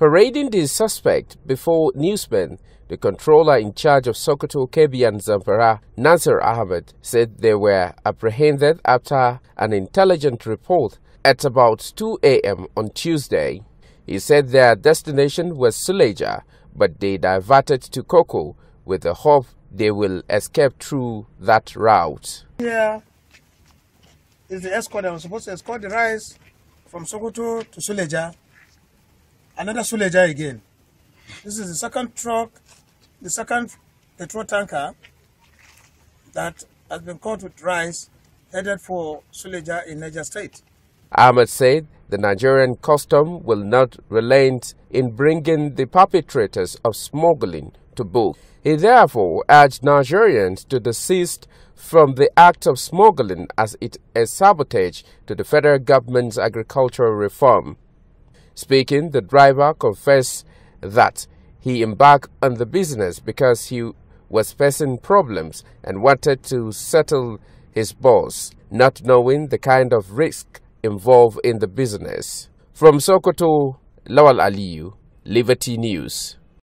Parading the suspect before newsmen, the controller in charge of Sokoto, Kebi and Zamfara, Nasser Ahmed, said they were apprehended after an intelligent report at about 2 a.m. on Tuesday. He said their destination was Suleja, but they diverted to Koko with the hope they will escape through that route. Yeah, is the escort that was supposed to escort the rice from Sokoto to Suleja another Suleja again. This is the second truck, the second petrol tanker that has been caught with rice headed for Suleja in Niger State. Ahmed said the Nigerian custom will not relent in bringing the perpetrators of smuggling to book. He therefore urged Nigerians to desist from the act of smuggling as it is sabotage to the federal government's agricultural reform. Speaking, the driver confessed that he embarked on the business because he was facing problems and wanted to settle his boss, not knowing the kind of risk involved in the business. From Sokoto, Lawal Aliyu, Liberty News.